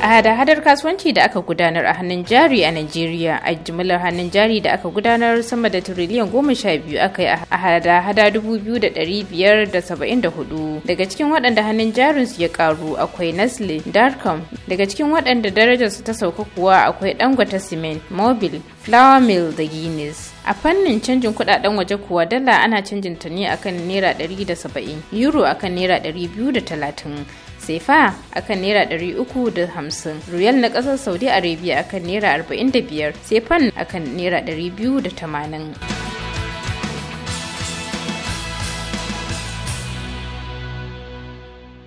a hada-hadar kasuwanci da aka gudanar a hannun jari a Najeriya a jimlar hannun jari da aka gudanar sama da tiriliyan goma sha biyu aka yi a hada-hada dubu biyu da dari biyar da saba'in da hudu daga cikin waɗanda hannun jarin su ya karu akwai Nestle, Darkham daga cikin waɗanda darajar su ta sauka kuwa akwai Dangote Cement, Mobil, Flour Mill da Guinness. A fannin canjin kuɗaɗen waje kuwa dala ana canjin ta ne akan naira ɗari da saba'in, euro akan naira ɗari biyu da talatin. sefa akan naira hamsin riyal na ƙasar saudi arabia akan naira biyar sefan akan naira tamanin.